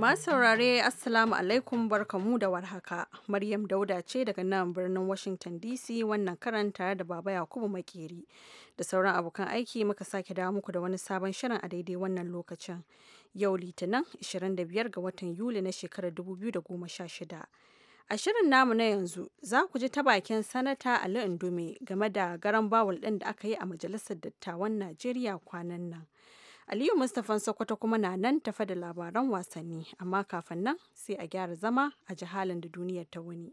Masu saurare Assalamu alaikum barkamu da warhaka. Maryam Dauda ce daga nan birnin Washington DC wannan karan tare da Baba Yakubu Makeri da sauran abokan aiki muka sake dawo muku da wani sabon shirin a daidai wannan lokacin. Yau Litinin 25 ga watan Yuli na shekarar 2016. A shirin namu na yanzu za ku ji ta bakin Sanata Ali Indume game da garan bawul ɗin da aka yi a Majalisar Dattawan Najeriya kwanan nan. Aliyu Mustapha Sokoto kuma na nan tafa da labaran wasanni, amma kafin nan sai a gyara zama a jihalin da duniyar ta wuni.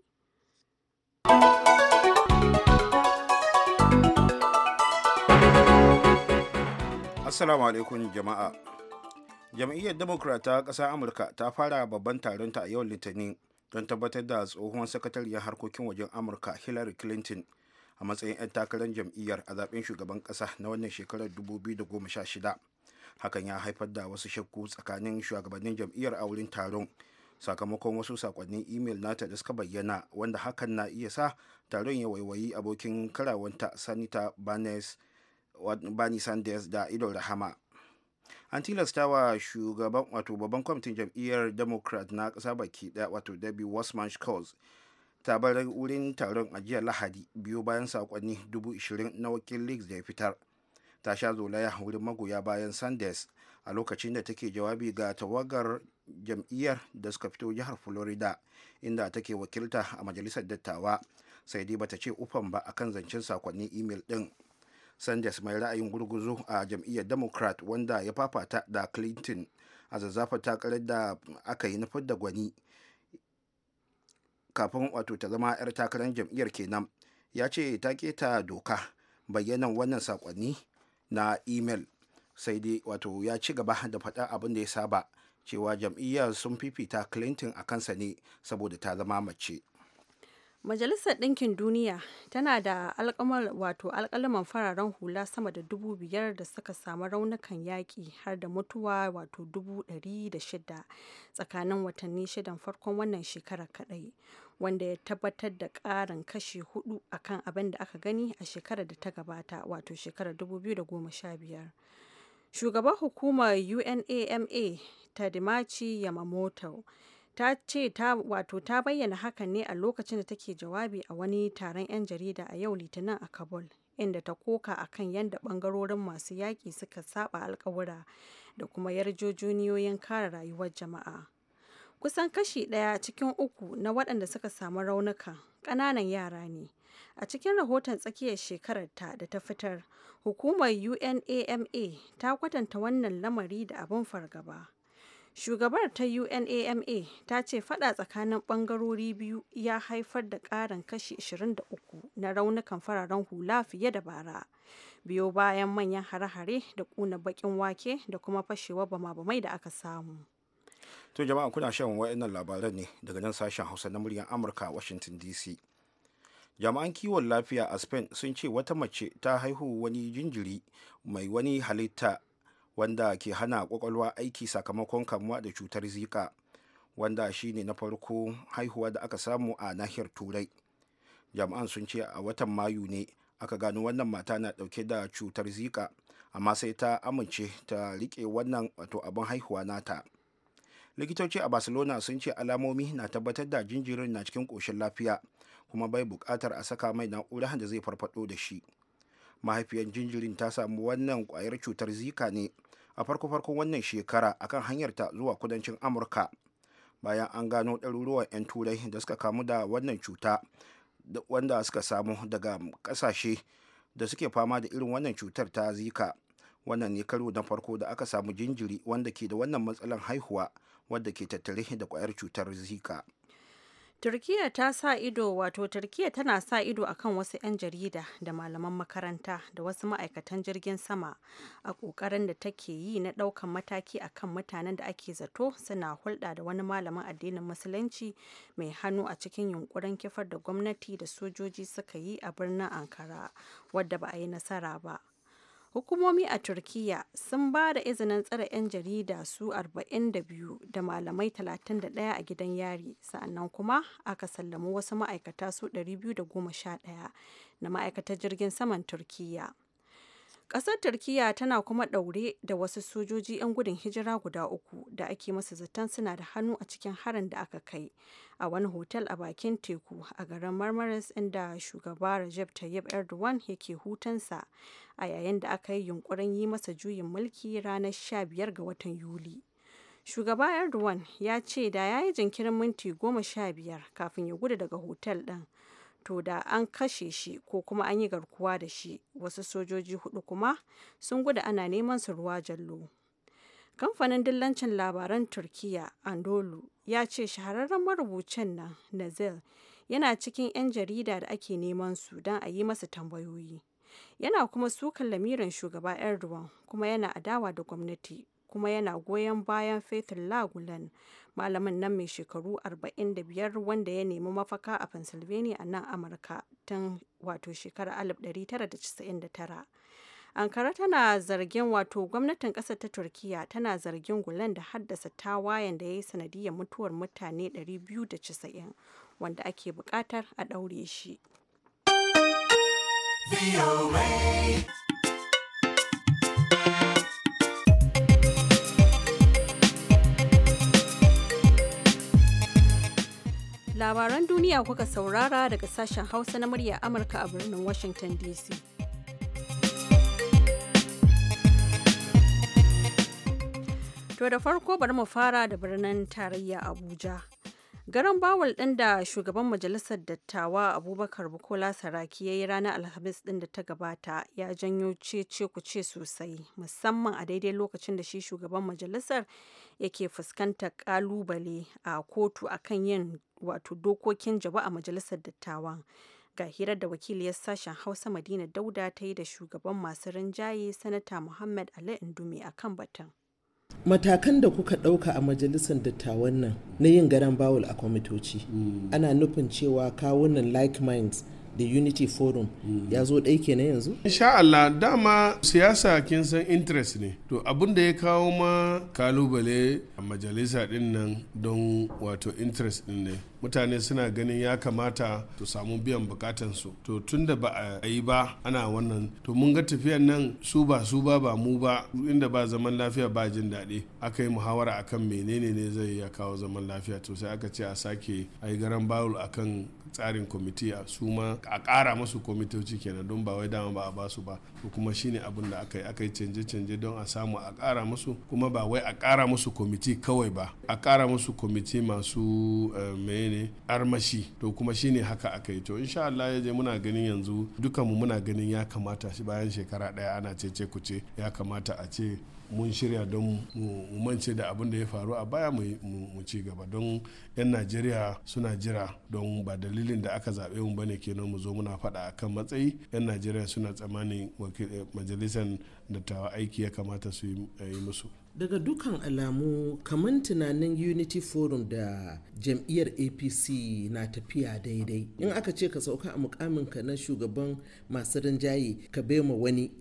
Assalamu alaikum jama'a. Jam'iyyar Democrat ta ƙasar Amurka ta fara babban taronta a yau Litini don tabbatar da tsohon sakatariyar harkokin wajen Amurka Hillary Clinton a matsayin 'yan takarar jam'iyyar a zaben shugaban ƙasa na wannan shekarar 2016. hakan ya haifar da wasu shakku tsakanin shugabannin jam'iyyar a wurin taron sakamakon wasu sakonnin imel nata da suka bayyana wanda hakan na iya sa taron ya waiwayi abokin karawanta sanita bani sanders da idon rahama an tilasta wa shugaban wato babban kwamitin jam'iyyar democrat na ƙasa baki ɗaya wato debbie wasman schultz ta bar wurin taron a jiya lahadi biyu bayan sakonni 20,000 na wakil leagues da ya fitar ta sha zolaya wurin magoya bayan sanders a lokacin da take jawabi ga tawagar jam'iyyar da suka fito jihar florida inda take wakilta a majalisar dattawa sai dai bata ce ufan ba a kan zancen sakonni imel din sanders mai ra'ayin gurguzu a jam'iyyar democrat wanda ya fafata da clinton a zazzafa takarar da aka yi na da gwani kafin wato ta zama 'yar takarar jam'iyyar kenan ya ce ta keta doka bayyanan wannan sakonni na imel sai dai wato ya ci gaba da faɗa abin da ya saba cewa jam'iyyar sun fifita clinton a kansa ne saboda ta zama mace Majalisar Ɗinkin Duniya tana da alƙalman wato alƙalaman fararen hula sama da dubu biyar da suka samu raunukan yaƙi har da mutuwa wato dubu ɗari da shida tsakanin watanni shidan farkon wannan shekara kaɗai wanda ya tabbatar da ƙarin kashi hudu akan abin da aka gani a shekarar da ta gabata wato shekarar biyar Shugaban hukumar UNAMA Tadimachi Yamamoto ta ce wato ta bayyana hakan ne a lokacin da take jawabi a wani taron 'yan jarida a yau litinin a kabul inda ta koka a kan yadda bangarorin masu yaƙi suka saba alkawura da kuma yarjejeniyoyin kare rayuwar jama'a kusan kashi ɗaya cikin uku na waɗanda suka samu raunuka ƙananan yara ne a cikin rahoton tsakiyar shekarar ta da ta fitar hukumar unama ta kwatanta wannan lamari da abin fargaba Shugabar ta UNAMA ta ce fada tsakanin bangarori biyu ya haifar da karin kashi 23 na raunukan fararen hula fiye da bara. Biyo bayan manyan hare-hare da kuna bakin wake da kuma fashewa bama-bamai da aka samu. To jama'a kuna shan wa'annan labaran ne daga nan sashen Hausa na muryar Amurka Washington DC. jama'an kiwon lafiya a Spain sun ce wata mace ta haihu wani jinjiri mai wani halitta wanda ke hana kwakwalwa aiki sakamakon kamuwa da cutar zika wanda shine na farko haihuwa da aka samu a nahiyar turai jami'an sun ce a watan mayu ne aka gano wannan mata na dauke da cutar zika amma sai ta amince ta rike wannan wato abin haihuwa nata likitoci a barcelona sun ce alamomi na tabbatar da jinjirin na cikin koshin lafiya kuma bai bukatar a saka mai na'ura da zai farfado da shi mahaifiyar jinjirin ta samu wannan kwayar cutar zika ne a farko-farkon wannan shekara akan hanyarta zuwa kudancin amurka bayan an gano ɗaruruwan 'yan turai da suka kamu da wannan cuta wanda suka samu daga ƙasashe da suke fama da irin wannan cutar ta zika wannan ne karo na farko da aka samu jinjiri wanda ke da wannan matsalan haihuwa wadda ke tattare da kwayar cutar zika Turkiyya ta sa ido wato Turkiyya tana sa ido akan wasu 'yan jarida da malaman makaranta da wasu ma'aikatan jirgin sama a ƙoƙarin da take yi na ɗaukan mataki akan mutanen da ake zato suna hulɗa da wani malamin addinin musulunci mai hannu a cikin yunkurin kifar da gwamnati da sojoji suka yi a birnin Ankara wadda ba a yi nasara ba. hukumomi a turkiya sun ba da izinin tsare 'yan jarida su 42 da malamai 31 a gidan yari sa'annan kuma aka sallami wasu ma'aikata su 211 na ma'aikatar jirgin saman turkiya Ƙasar Turkiyya tana kuma ɗaure da wasu sojoji 'yan gudun hijira guda uku da ake masa zaton suna da hannu a cikin harin da aka kai a wani hotel a bakin teku a garin Marmaris inda shugaba Recep Tayyip Erdogan yake hutunsa, a yayin da aka yi yunkurin yi masa juyin mulki ranar 15 ga watan Yuli. Shugaba Erdogan ya ce da ya yi jinkirin minti 15 kafin ya gudu daga hotel ɗin to da an kashe shi ko kuma an yi garkuwa da shi wasu sojoji hudu kuma sun gudu ana neman su ruwa jallo kamfanin dillancin labaran turkiya andolu ya ce shahararren marubucin nan nazil yana cikin 'yan jarida da ake neman su don a yi masa tambayoyi yana kuma sukan lamirin shugaba erdogan kuma yana adawa da gwamnati kuma yana goyon bayan fetur lagulan. malamin nan mai shekaru 45 wanda ya nemi mafaka a pennsylvania a nan amurka tun wato shekarar 1999 ankara tana zargin wato gwamnatin ƙasar ta turkiya tana zargin gulen da haddasa tawayen da ya yi sanadiyar mutuwar mutane 290 wanda ake buƙatar a ɗaure shi. Labaran duniya kuka saurara daga sashen Hausa na murya Amurka a birnin Washington DC. To da farko bari mu fara da birnin tarayya Abuja. Garan Bawal ɗin da shugaban majalisar dattawa Abubakar Bukola Saraki ya yi ranar Alhamis ɗin da ta gabata ya janyo cece ce sosai musamman a daidai lokacin da shi shugaban majalisar yake fuskantar kalubale a kotu akan yin wato dokokin jaba a majalisar dattawa Ga hirar da wakiliyar sashen Hausa Madina Dauda ta yi da shugaban masu rinjaye Sanata Muhammad Ali indumi akan batun. matakan da kuka ɗauka a majalisar dattawan nan na yin garan bawul a kwamitoci mm. ana nufin cewa kawunan like minds da unity forum mm. ya zo ɗai na yanzu? insha Allah dama siyasa kin san interest ne to abin da ya kawo ma kalubale a majalisa ɗin nan don wato interest ɗin ne mutane suna ganin ya kamata to samu biyan bukatansu to tun da ba a yi ba ana wannan to mun ga tafiyan nan su ba su ba ba mu ba inda ba zaman lafiya ba jin daɗi aka yi muhawara akan menene ne zai ya kawo zaman lafiya to sai aka ce a sake a yi garan bawul akan tsarin kwamiti a su ma a ƙara masu kwamitoci kenan don ba wai dama ba a basu ba to kuma shine abin da aka yi aka yi canje-canje don a samu a ƙara musu kuma ba wai a ƙara musu kwamiti kawai ba a ƙara musu kwamiti masu eh, mai ne armashi to kuma shine haka aka yi to insha Allah ya je muna ganin yanzu dukanmu muna ganin ya kamata shi bayan shekara daya ana ce cece kuce ya kamata a ce mun shirya don mu mance da abin da ya faru a baya mu ci gaba don 'yan najeriya suna jira don ba dalilin da aka zaɓe mu bane kenan mu zo muna faɗa a kan matsayi 'yan najeriya suna tsammanin eh, majalisar dattawa aiki ya kamata su yi eh, musu daga dukan alamu kamar tunanin unity forum da jam'iyyar apc na tafiya daidai in aka ce ka sauka a mukamin ka na shugaban masu rinjaye ka bema wani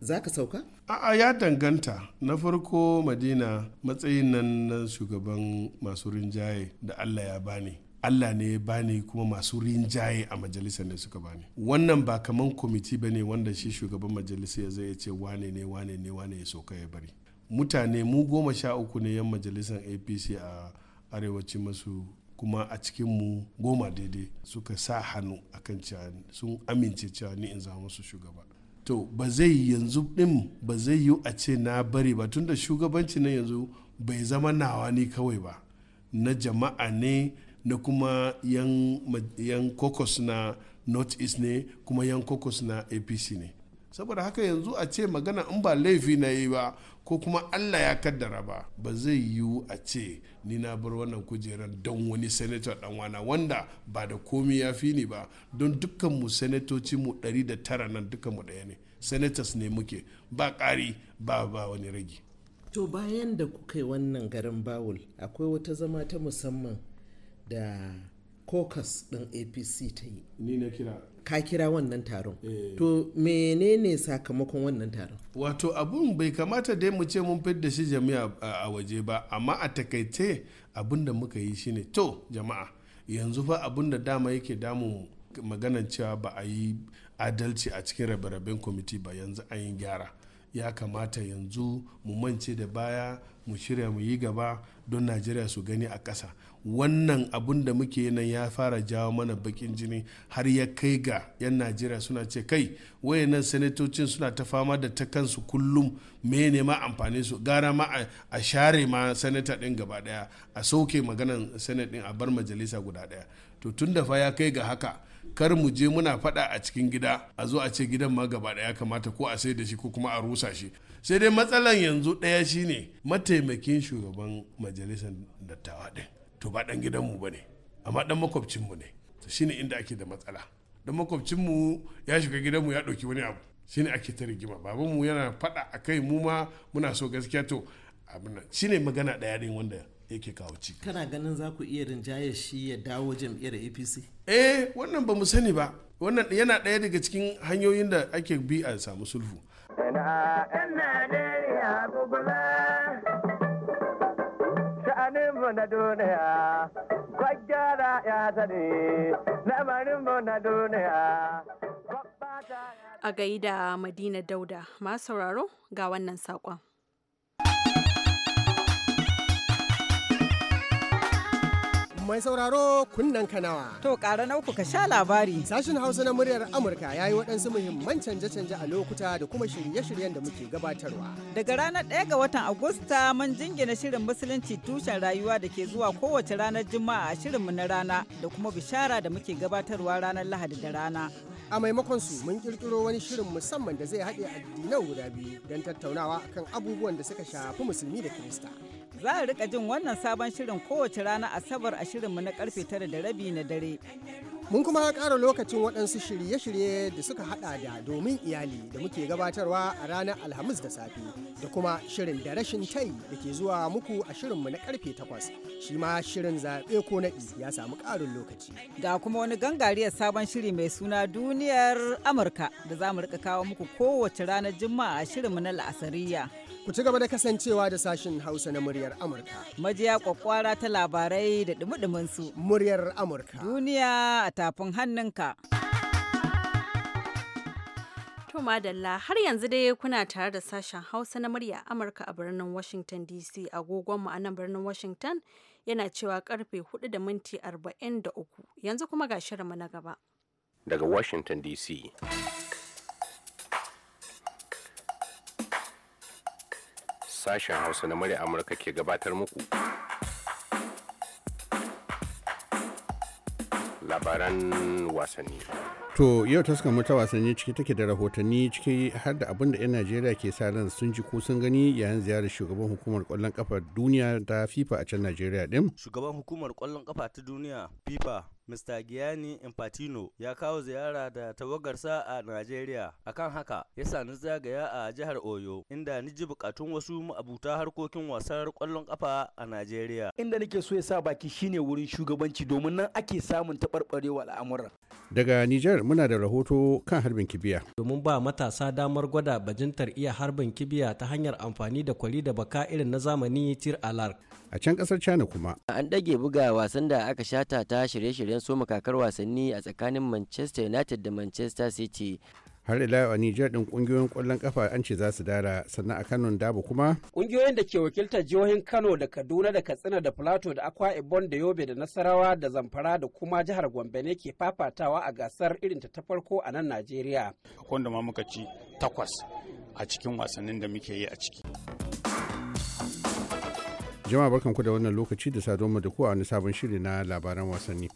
za ka sauka a'a ya danganta na farko madina matsayin nan na shugaban masu rinjaye da allah ya bani Allah ne ba bani kuma masu rinjaye a majalisar ne suka bani wannan ba kaman kwamiti ba ne wanda shi shugaban majalisa ya zai ce wane ne wane ne wane ya soka ya bari mutane mu goma sha uku ne yan majalisar apc a arewacin masu kuma a cikin mu goma daidai suka sa hannu a kan sun amince cewa ni in zama su shugaba to ba zai yanzu din ba zai yi a ce na bari ba tunda shugabanci na yanzu bai zama nawa ni kawai ba na jama'a ne na kuma yan kokos na north east ne kuma yan kokos na apc ne saboda haka yanzu a ce magana in ba laifi na yi ba ko kuma allah ya kaddara ba ba zai yiwu a ce ni na bar wannan kujerar don wani senator dan wana wanda ba da komi ya fi ni ba don dukkan mu senatoci mu tara nan dukkan mu daya ne senators ne muke ba kari ba ba wani ragi. to bayan da kuka yi wannan garin bawul akwai wata zama ta musamman da caucus din apc ta yi ni na kira ka kira wannan taron eh. to menene sakamakon wannan taron wato abun bai kamata dai mu ce mun fidda shi jami'a a waje ba amma a takaice abun da muka yi shine to jama'a yanzu fa abun da dama yake damu maganan cewa ba a yi adalci a cikin rabe-raben kwamiti ba yanzu an yi gyara ya kamata yanzu mu mance da baya mu shirya mu yi gaba don najeriya su gani a ƙasa wannan abun da muke nan ya fara jawo mana bakin jini har ya kai ga 'yan najeriya suna ce kai wayannan sanatocin suna ta fama da ta kansu kullum mene ma amfani su gara ma a share ma sanata din gaba daya a sauke maganan sanat ɗin a bar majalisa guda daya to tun da fa ya kai ga haka kar mu je muna fada a cikin gida a zo a ce gidan ma gaba ɗaya kamata ko a sai da shi ko kuma a rusa shi sai dai matsalan yanzu ɗaya shine mataimakin shugaban majalisar dattawa ɗin to ba ɗan gidanmu ba ne amma ɗan makwabcinmu ne to shine inda ake da matsala ɗan makwabcinmu ya shiga gidanmu ya ɗauki wani abu shine ake ta rigima babanmu yana faɗa a kai mu ma muna so gaskiya to shi shine magana ɗaya ɗin wanda yake kawo ci kana ganin za ku iya rinjaye shi ya dawo jam'iyyar apc eh wannan ba mu sani ba wannan yana daya daga cikin hanyoyin da ake bi a samu sulhu Ina ‘yan Najeriya gugula, sha'aninmu na duniya, kwaggara ya zane, lamarinmu na duniya. A gaida Madina Dauda, ma sauraro ga wannan saƙon. Mai sauraro kunnen kanawa. To ƙara na ka sha labari. Sashen Hausa na muryar Amurka ya yi waɗansu muhimman canje-canje a lokuta da kuma shirye-shiryen da muke gabatarwa. Daga ranar ɗaya ga watan Agusta mun jingina shirin Musulunci tushen rayuwa da ke zuwa kowace ranar Juma'a a shirinmu na rana da kuma bishara da muke gabatarwa ranar Lahadi da rana. a maimakon su mun kirkiro wani shirin musamman da zai haɗe addinan guda biyu don tattaunawa kan abubuwan da suka shafi musulmi da kirista Za a rika jin wannan sabon shirin kowace rana Asabar a shirinmu na karfe tara da rabi na dare. Mun kuma kara lokacin waɗansu shirye-shirye da suka haɗa da domin iyali da muke gabatarwa a ranar Alhamis da safe da kuma shirin da rashin tai da ke zuwa muku a shirinmu na karfe takwas. Shi ma shirin zaɓe ko naɗi ya samu ƙarin lokaci. Ga kuma wani gangariyar sabon shiri mai suna duniyar Amurka da za mu rika kawo muku kowace ranar Juma'a a shirinmu na La'asariya. Ku ci gaba da kasancewa da sashin Hausa na muryar Amurka. Majiya kwakwara ta labarai da dumudumin su. Muryar Amurka. Duniya a tafin hannunka. To madalla har yanzu dai kuna tare da sashen Hausa na murya Amurka a birnin Washington DC agogonmu a nan birnin Washington yana cewa karfe 4 da minti 43 yanzu kuma ga shirinmu na gaba. Daga Washington DC. sashen hausa na murya amurka ke gabatar muku labaran wasanni To yau taskar mu ta wasanni ciki take da rahotanni ciki har da abin da 'yan Najeriya ke sa ran sun ji ko sun gani yayin ziyarar shugaban hukumar kwallon kafa duniya ta FIFA a can Najeriya din. Shugaban hukumar kwallon kafa ta duniya FIFA Mr. Gianni Infantino ya kawo ziyara da tawagarsa a Najeriya. Akan haka, ya sani zagaya a jihar Oyo, inda ni ji bukatun wasu abuta harkokin wasar kwallon kafa a Najeriya. Inda nake so ya sa baki shine wurin shugabanci domin nan ake samun taɓarɓarewa al'amuran. Daga Nijar muna da rahoto kan harbin kibiya. Domin ba matasa damar gwada bajintar iya harbin kibiya ta hanyar amfani da kwali da baka irin na zamani tir alark. A can kasar China kuma. An ɗage buga wasan da aka shata ta shirye-shiryen soma kakar wasanni a tsakanin Manchester United da Manchester City. har ila a Nijar din kungiyoyin kwallon kafa an ce za su dara sannan a Kano Dabo kuma kungiyoyin da ke wakiltar jihohin Kano da Kaduna da Katsina da Plateau da Akwa Ibom da Yobe da Nasarawa da Zamfara da kuma jihar Gombe ne ke fafatawa a gasar irin ta ta farko a nan Najeriya akwai da ma muka ci takwas a cikin wasannin da muke yi a ciki jama'a barkanku da wannan lokaci da saduwa da ku a wani sabon shiri na labaran wasanni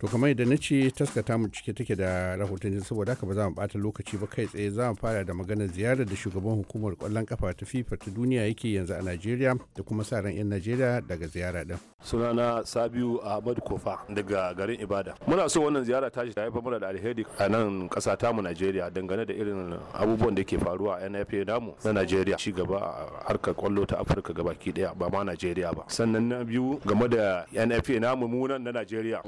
to kamar yadda na ce taskata mu cike take da rahotanni saboda haka ba za mu bata lokaci ba kai tsaye za mu fara da maganar ziyarar da shugaban hukumar kwallon kafa ta fifa ta duniya yake yanzu a najeriya da kuma sa ran yan najeriya daga ziyara din sunana sabiu ahmad kofa daga garin ibada muna so wannan ziyara ta ta haifar mana da alheri a nan kasa ta mu najeriya dangane da irin abubuwan da ke faruwa a nfa namu na najeriya ci gaba a harkar kwallo ta afirka gabaki daya ba ma najeriya ba sannan na biyu game da nfa namu mu nan na najeriya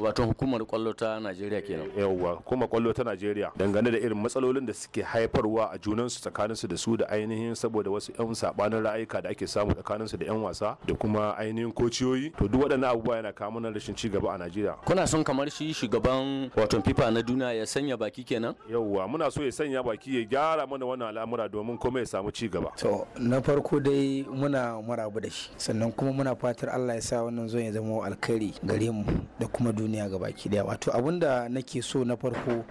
hukumar kwallo ta Najeriya kenan eh, yawwa kuma kwallo ta Najeriya dangane da irin matsalolin da suke haifarwa a junan su tsakanin su da su da ainihin saboda wasu yan sabanin ra'ayika da ake samu tsakanin su da yan wasa da kuma ainihin kociyoyi to duk waɗannan abubuwa yana kawo nan rashin ci gaba a Najeriya kuna son kamar shi shugaban wato FIFA na duniya ya sanya baki kenan yawwa muna so ya sanya baki ya gyara mana wannan al'amura domin komai ya samu ci gaba to na farko dai muna marabu da shi sannan kuma muna fatar Allah ya sa wannan zo ya zama alkhairi gare mu da kuma duniya gabaki baki daya wato abinda nake so na farko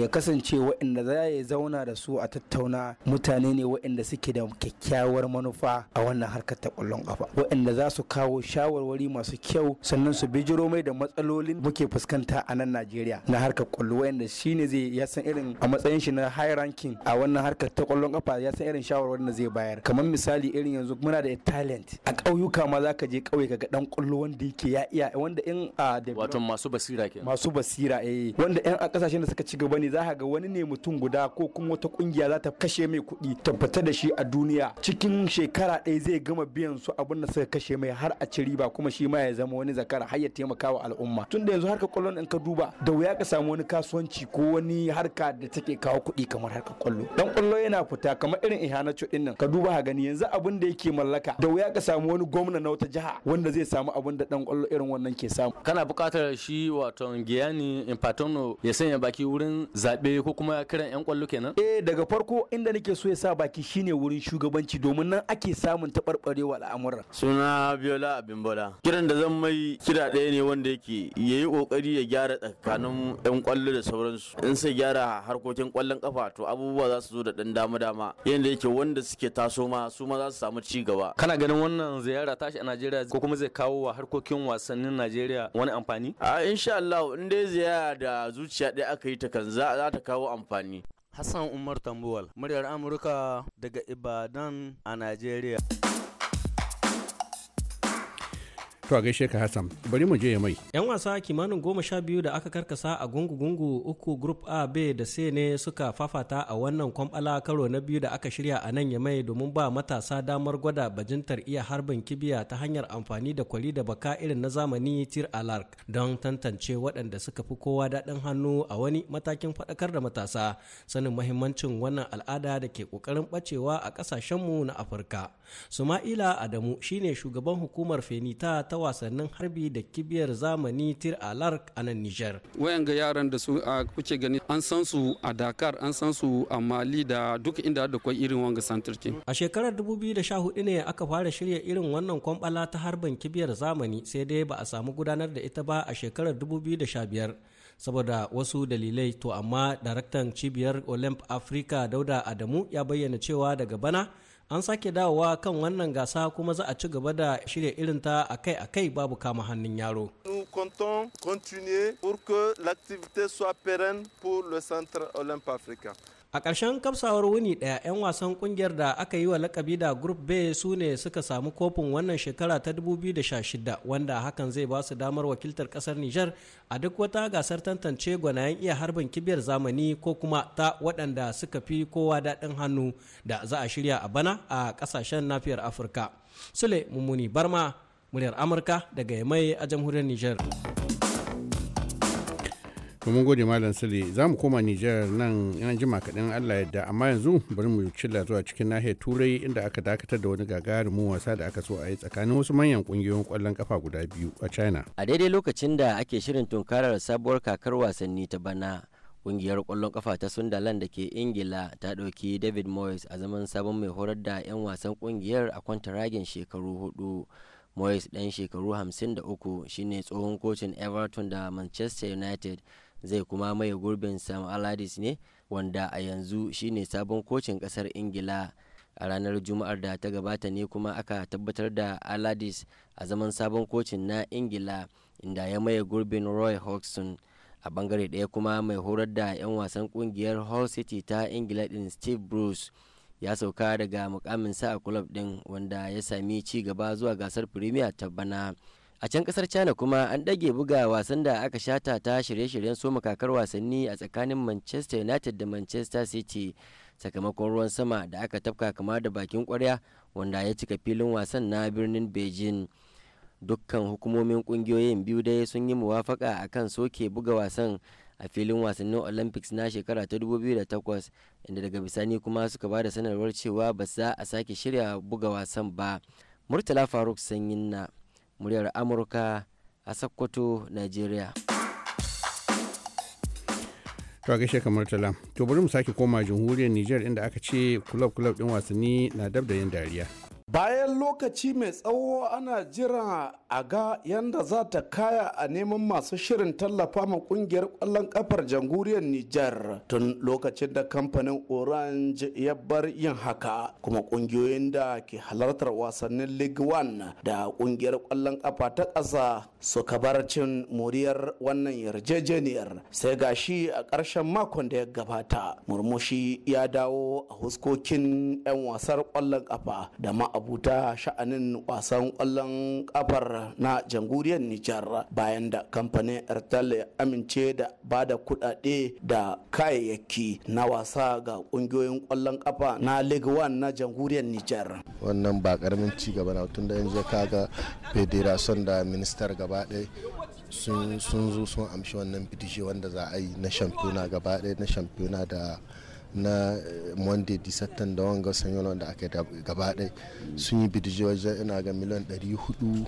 ya kasance waɗanda za ya zauna da su a tattauna mutane ne waɗanda suke da kyakkyawar manufa a wannan harkar ta ƙwallon ƙafa waɗanda za su kawo shawarwari masu kyau sannan su bijiro mai da matsalolin muke fuskanta a nan Najeriya na harkar ƙwallo waɗanda shine zai ya san irin a matsayin shi na high ranking a wannan harkar ta ƙwallon ƙafa ya san irin shawarwarin da zai bayar kamar misali irin yanzu muna da talent a ƙauyuka ma za ka je ƙauye ka ga ɗan ƙwallo wanda yake ya iya wanda in a wato masu basira masu basira eh wanda yan a kasashen da suka ci gaba ne za ga wani ne mutum guda ko kuma wata kungiya za ta kashe mai kuɗi tabbata da shi a duniya cikin shekara ɗaya zai gama biyan su abin da suka kashe mai har a ci riba kuma shi ma ya zama wani zakara har ya taimaka al'umma tun da yanzu harkar kwallon in ka duba da wuya ka samu wani kasuwanci ko wani harka da take kawo kuɗi kamar harkar kwallo dan kwallo yana fita kamar irin ihanacu din nan ka duba ha gani yanzu abin da yake mallaka da wuya ka samu wani gwamna na wata jiha wanda zai samu abin da dan kwallo irin wannan ke samu kana buƙatar shi wato wato giyani patono ya sanya baki wurin zaɓe ko kuma kiran 'yan kwallo kenan? Eh daga farko inda nake so ya sa baki shine wurin shugabanci domin nan ake samun taɓarɓarewa al'amuran. Suna Biola Abimbola. Kiran da zan mai kira ɗaya ne wanda yake yayi kokari ya gyara tsakanin 'yan kwallo da sauransu. In sai gyara harkokin kwallon kafa to abubuwa za su zo da dan dama-dama. Yanda yake wanda suke taso ma su ma za su samu ci gaba. Kana ganin wannan ziyara tashi a Najeriya ko kuma zai kawo wa harkokin wasannin Najeriya wani amfani? A insha Allah Allah in dai ziyara da zuciya ɗaya aka yi ta kan za ta kawo amfani. Hassan Umar Tambuwal, muryar Amurka daga Ibadan a Najeriya. To gaishe ka Hassan, bari mu je ya mai. 'Yan wasa kimanin goma sha biyu da aka karkasa a gungu-gungu uku Group A, B da C ne suka fafata a wannan kwamfala karo na biyu da aka shirya a nan ya mai domin ba matasa damar gwada bajintar iya harbin kibiya ta hanyar amfani da kwali da baka irin na zamani tir alark don tantance waɗanda suka fi kowa daɗin hannu a wani matakin faɗakar da matasa sanin mahimmancin wannan al'ada da ke ƙoƙarin ɓacewa a ƙasashenmu na Afirka. Suma'ila Adamu shine shugaban hukumar Fenita ta wasannin harbi da kibiyar zamani tir alark a nan wayan ga yaran da su a kuke gani an san su a Dakar an san su a Mali da duk inda da kwai irin wanga santarki A shekarar 2014 ne aka fara shirya irin wannan kwambala ta harbin kibiyar zamani sai dai ba a samu gudanar da ita ba a shekarar 2015 saboda wasu dalilai to amma daraktan cibiyar Olymp Africa Dauda Adamu ya bayyana cewa daga bana an sake dawowa kan wannan gasa kuma za a ci gaba da shirya irinta akai-akai babu kama hannun yaro. Nous comptons continuer pour que l'activité le Centre Olympe Africain. a ƙarshen kafsawar wuni ɗaya 'yan wasan ƙungiyar da aka yi wa lakabi da group b su ne suka samu kofin wannan shekara ta 2016 wanda hakan zai ba su damar wakiltar ƙasar nijar a duk wata gasar tantance gwanayen iya harbin kibiyar zamani ko kuma ta waɗanda suka fi kowa daɗin hannu da za a shirya a bana a ƙasashen nafiyar afirka sule mummuni barma muryar amurka daga mai a jamhuriyar nijar to mun gode malam sule za mu koma nijar nan yan jima kaɗan allah yadda amma yanzu bari mu cilla zuwa cikin nahiyar turai inda aka dakatar da wani gagarumin wasa da aka so a yi tsakanin wasu manyan ƙungiyoyin ƙwallon kafa guda biyu a china a daidai lokacin da ake shirin tunkarar sabuwar kakar wasanni ta bana ƙungiyar ƙwallon kafa ta sundalan da ke ingila ta ɗauki david moyes a zaman sabon mai horar da 'yan wasan ƙungiyar a kwantaragen shekaru hudu moyes ɗan shekaru 53 shine tsohon kocin everton da manchester united zai kuma mai gurbin sam aladis ne wanda a yanzu shine sabon kocin kasar ingila a ranar juma'ar da ta gabata ne kuma aka tabbatar da aladis a zaman sabon kocin na ingila inda ya maye gurbin roy hodgson a bangare ɗaya kuma mai horar da 'yan wasan kungiyar hall city ta ingila din steve bruce ya sauka daga mukamin sa a kulob din wanda ya sami ci gaba zuwa gasar premier ta bana a can kasar china kuma an dage buga wasan da aka shata ta shirye-shiryen soma kakar wasanni a tsakanin manchester united da manchester city sakamakon ruwan sama da aka tafka kama da bakin kwarya wanda ya cika filin wasan na birnin beijing dukkan hukumomin kungiyoyin biyu dai sun yi muwafaka a kan soke buga wasan a filin wasannin olympics na shekara ta 2008 inda daga bisani kuma suka ba da sanarwar cewa ba za a sake shirya buga wasan ba murtala faruk sanyin na muryar amurka a sakkwato nigeria to gaishe kamar tala to bari mu sake koma jamhuriyar niger inda aka ce kulab-kulab din wasanni na dab da yin dariya bayan lokaci mai tsawo ana jira a ga yadda za ta kaya a neman masu shirin tallafa ma kungiyar kwallon kafar jamhuriyar niger tun lokacin da kamfanin orange ya bar yin haka kuma kungiyoyin da ke halartar wasannin league one da kungiyar kwallon kafa ta ƙasa suka bar cin muriyar wannan yarjejeniyar sai gashi a ƙarshen makon da ya gabata murmushi ya dawo a huskokin 'yan wasar kwallon kafa da ma ta sha'anin wasan kwallon kafar na jamhuriyar Nijar bayan da kamfanin Airtel ya amince da ba da kudade da kayayyaki na wasa ga kungiyoyin kwallon kafa na League One na jamhuriyar Nijar. Wannan ba karamin ci gaba na tun da yanzu kaga federation da ministar gaba sun zo sun amshi wannan bidishi wanda za a yi na shampiyona gaba daya na shampiyona da na eh, monday disattan da wanga sanyon wanda aka gaba ɗai sun yi bidije wajen ina ga miliyan 400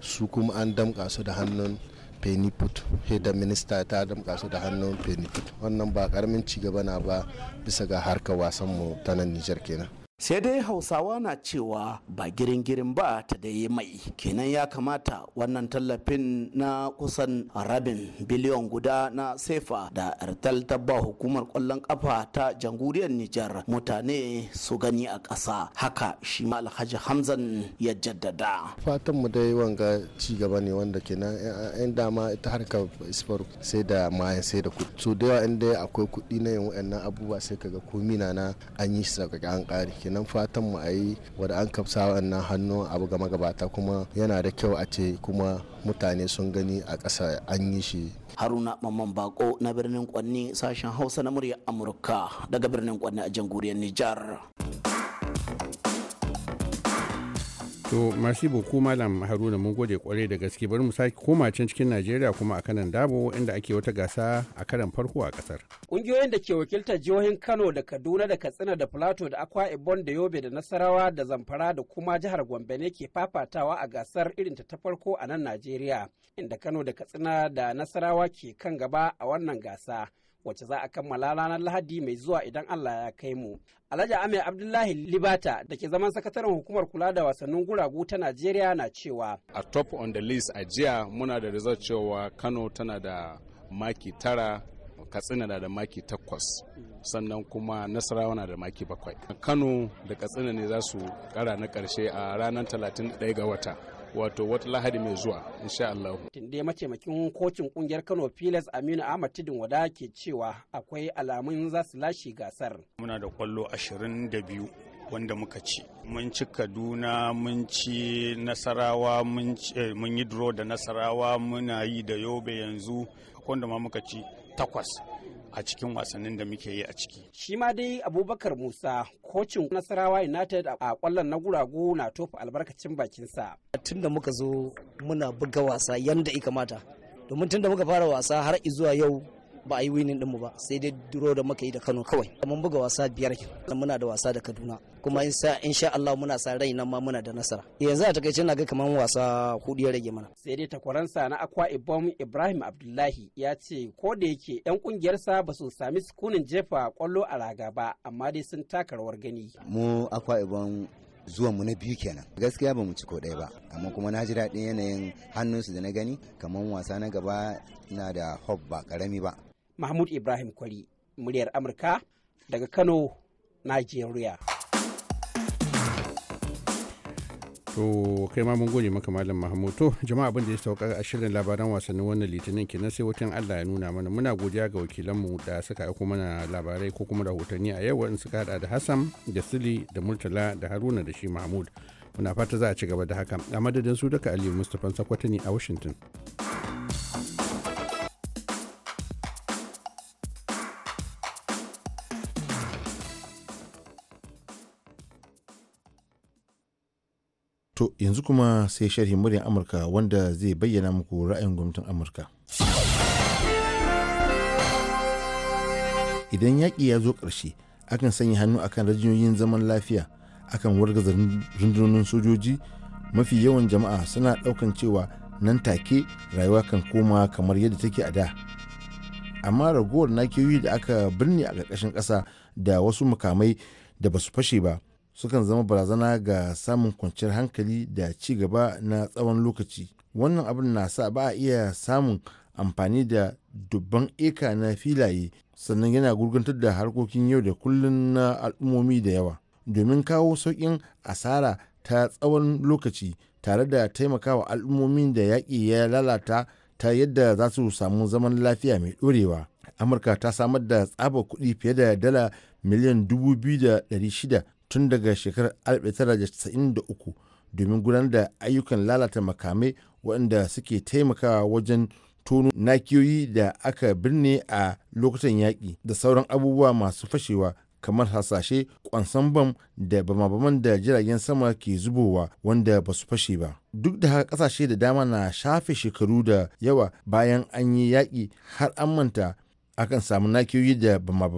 su kuma an damka su da hannun peniput heda minista ta damka su da hannun peniput wannan ba karamin cigaba na ba bisa ga harkar wasan mu ta nan nijar kenan sai dai hausawa na cewa ba girin-girin ba ta da yi mai kenan ya kamata wannan tallafin na kusan rabin biliyon guda na sefa da ertel ta ba hukumar kwallon kafa ta jamhuriyar nijar mutane su gani a ƙasa haka shi ma alhaji hamzan ya jaddada fatan mu dai wanga ci gaba ne wanda kenan yan eh, eh, dama ita harka isfar sai da mayan sai da kuɗi so da yawa inda akwai kuɗi na yin abubuwa sai kaga komina na an yi shi an ƙari kenan fatan mu a yi wadda an kafsa wannan hannu abu gama gabata kuma yana da kyau a ce kuma mutane sun gani a ƙasa an yi shi haruna mamman bako na birnin kwanni sashen hausa na murya amurka daga birnin kwanni a jamhuriyar nijar to masu boko malam haruna mun gode kwarai da gaske bari mu sake koma can cikin najeriya kuma a kanan dabo inda ake wata gasa a karan farko a kasar ƙungiyoyin da ke wakiltar jihohin kano da kaduna da katsina da plateau da akwa ibon da yobe da nasarawa da zamfara da kuma jihar gombe ne ke fafatawa a gasar irin ta farko a nan najeriya inda kano da katsina da nasarawa ke kan gaba a wannan gasa wace za a kammala ranar lahadi mai zuwa idan allah ya kai mu Alhaji Ame Abdullahi Libata da ke zaman sakataren hukumar kula da wasannin guragu ta Najeriya na cewa. A top on the list a jiya muna da result cewa Kano tana da maki tara katsina na da maki takwas sannan kuma nasarawa na da maki bakwai kano da katsina ne za su kara na karshe a ranar 31 ga wata wato wata lahadi mai zuwa insha Allah. Tunde mataimakin kocin kungiyar Kano Pilas Aminu Ahmad Tidin Wada ke cewa akwai alamun za su lashe gasar. Muna da kwallo 22 wanda muka ci. Mun ci Kaduna, mun ci Nasarawa, mun eh, yi draw da Nasarawa, muna yi da Yobe yanzu, wanda ma muka ci takwas. a cikin wasannin da muke yi a ciki. Shi ma dai Abubakar Musa kocin Nasarawa United a kwallon na guragu na tofa albarkacin bakinsa. Tun da muka zo muna buga wasa yanda ya kamata. Domin tun da muka fara wasa har zuwa yau ba a yi winin mu ba sai dai duro da muka yi da kano kawai mun buga wasa biyar muna da wasa da kaduna kuma in sha Allah muna sa rai nan ma muna da nasara yanzu a takaice na ga kaman wasa hudu ya rage mana sai dai takwaransa na akwa ibom ibrahim abdullahi ya ce ko da yake yan sa ba su sami sukunin jefa kwallo a raga ba amma dai sun taka rawar gani mu akwa ibom zuwan mu na biyu kenan gaskiya ba mu ci ko ɗaya ba amma kuma na ji daɗin yanayin hannunsu da na gani kaman wasa na gaba na da hob ba karami ba mahmud ibrahim kwari muryar amurka daga kano najeriya to kai ma mun gode maka malam mahmud to jama'a abin da ya sauka a shirin labaran wasannin wannan litinin kenan sai wutan allah ya nuna mana muna godiya ga wakilanmu da suka aiko mana labarai ko kuma rahotanni a yau wani suka hada da hassan da sili da murtala da haruna da shi mahmud muna fata za a ci gaba da haka a madadin su duka aliyu mustapha sakwatani a washington To yanzu kuma sai sharhin muryar Amurka wanda zai bayyana muku ra'ayin gwamnatin Amurka. Idan yaƙi ya zo ƙarshe, akan sanya hannu akan rajiyoyin zaman lafiya, akan wargaza rundunonin sojoji, mafi yawan jama'a suna ɗaukan cewa nan take rayuwa kan koma kamar yadda take a da. Amma ragowar nakiyoyi da aka birni a ƙarƙashin ƙasa da wasu mukamai da ba su fashe ba, sukan zama barazana ga samun kwanciyar hankali da ci gaba na tsawon lokaci wannan abin na sa ba a iya samun amfani da dubban eka na filaye sannan yana gurgantar da harkokin yau da kullun na al'ummomi da yawa domin kawo sauƙin asara ta tsawon lokaci tare da taimakawa al'ummomin da yaƙi ya lalata ta yadda za su samu zaman lafiya mai ɗorewa amurka ta samar da tsaba kuɗi fiye da dala miliyan 2,600 tun daga shekarar 1993 domin gudanar da ayyukan lalata makamai waɗanda suke taimakawa wajen tono nakiyoyi da aka birne a lokutan yaƙi da sauran abubuwa masu fashewa kamar hasashe kwansan bam da bama da jiragen sama ke zubowa wanda ba su fashe ba duk da haka kasashe da dama na shafe shekaru da yawa bayan an yi yaƙi har an manta akan samu nakiyoyi da bama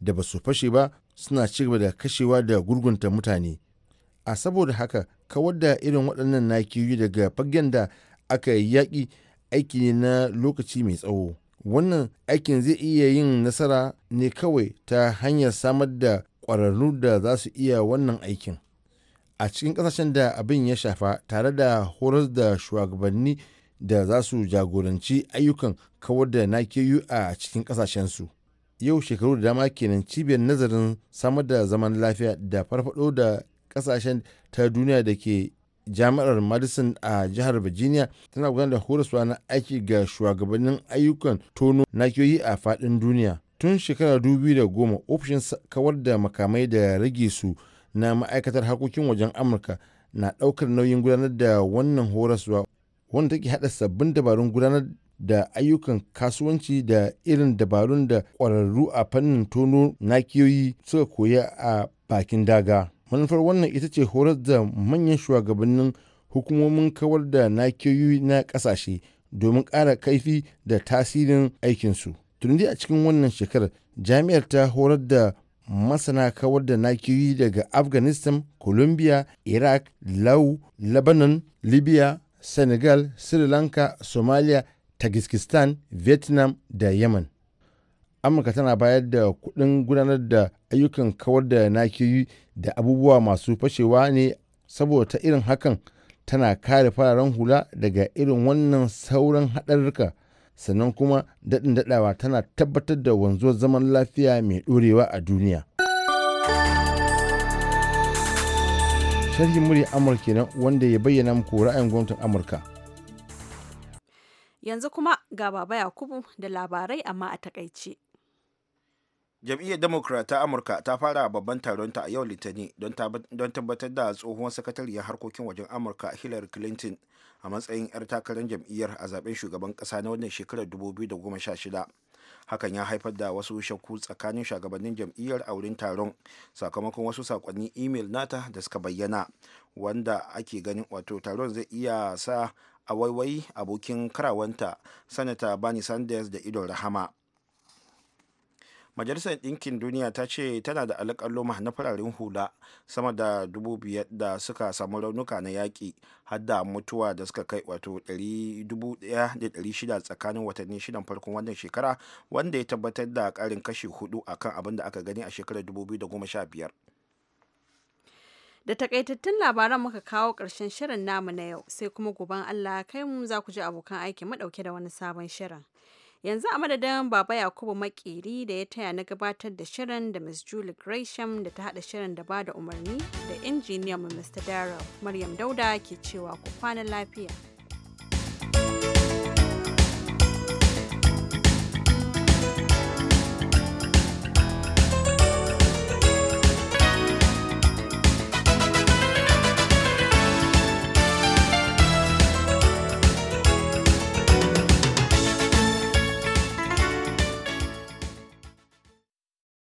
da ba su fashe ba suna ci gaba da kashewa da gurgunta mutane. A saboda haka, kawar da irin waɗannan nakiyoyi daga fagen da aka yaƙi aiki ne na lokaci mai tsawo. Wannan aikin zai iya yin nasara ne kawai ta hanyar samar da ƙwararru da za su iya wannan aikin. A cikin ƙasashen da abin ya shafa tare da horar da shugabanni da za su jagoranci ayyukan kawar da nakiyoyi a cikin ƙasashensu. yau shekaru da dama kenan cibiyar nazarin samar da zaman lafiya da farfado da kasashen ta duniya da ke jami'ar madison a jihar virginia tana gudanar da horaswa na aiki ga shugabannin ayyukan tono nakiyoyi a fadin duniya tun shekara da goma ofishin kawar da makamai da rage su na ma'aikatar harkokin wajen amurka na daukar nauyin gudanar da wannan horaswa wanda take haɗa sabbin dabarun gudanar da ayyukan kasuwanci da irin dabarun da ƙwararru a fannin tono nakiyoyi suka koya a bakin daga. Manufar wannan ita ce horar da manyan shugabannin hukumomin kawar da nakiyoyi na ƙasashe domin ƙara kaifi da tasirin aikinsu. tunde a cikin wannan shekarar jami'ar ta horar da masana kawar da nakiyoyi daga Afghanistan, Colombia, Iraq, Lau, Lebanon, Libya, Senegal, Sri Lanka, Somalia tajikistan vietnam da yemen amurka tana bayar da kuɗin gudanar da ayyukan kawar da yi da abubuwa masu fashewa ne saboda ta irin hakan tana kare fararen hula daga irin wannan sauran haɗarurka sannan kuma daɗin daɗawa tana tabbatar da wanzuwar zaman lafiya mai ɗorewa a duniya. sharhin murya amurka kenan wanda ya bayyana muku ra'ayin gwamnatin amurka Yanzu kuma ga Baba Yakubu da labarai amma a takaice. Jam'iyyar Democrat ta Amurka ta fara babban taronta a yau Litinin don tabbatar da tsohuwar sakatariyar harkokin wajen Amurka Hillary Clinton a matsayin 'yar takarar jam'iyyar a zaben shugaban kasa na wannan shekarar 2016. hakan ya haifar da wasu shakku tsakanin shugabannin jam'iyyar a wurin taron sakamakon wasu sakonnin imel nata da suka bayyana wanda ake ganin wato taron zai iya sa a waiwai abokin karawanta sanata bani sanders da idon rahama majalisar ɗinkin duniya ta ce tana da loma na fararen hula sama da dubu biyar da suka samu raunuka na yaƙi har da mutuwa da suka kai wato shida tsakanin watanni shidan farkon wannan shekara wanda ya tabbatar da ƙarin kashi hudu akan abin da aka gani a shekarar 2015 Da takaitattun labaran muka kawo ƙarshen shirin namu na yau sai kuma goban Allah kai mu za ku ji abokan aiki mu ɗauke da wani sabon shirin. Yanzu a madadin Baba Yakubu Makeri da ya taya na gabatar da shirin da Miss Julie Gresham da ta haɗa shirin da bada umarni da injiniyan Mr. Darrell Maryam Dauda ke cewa ku kwana lafiya.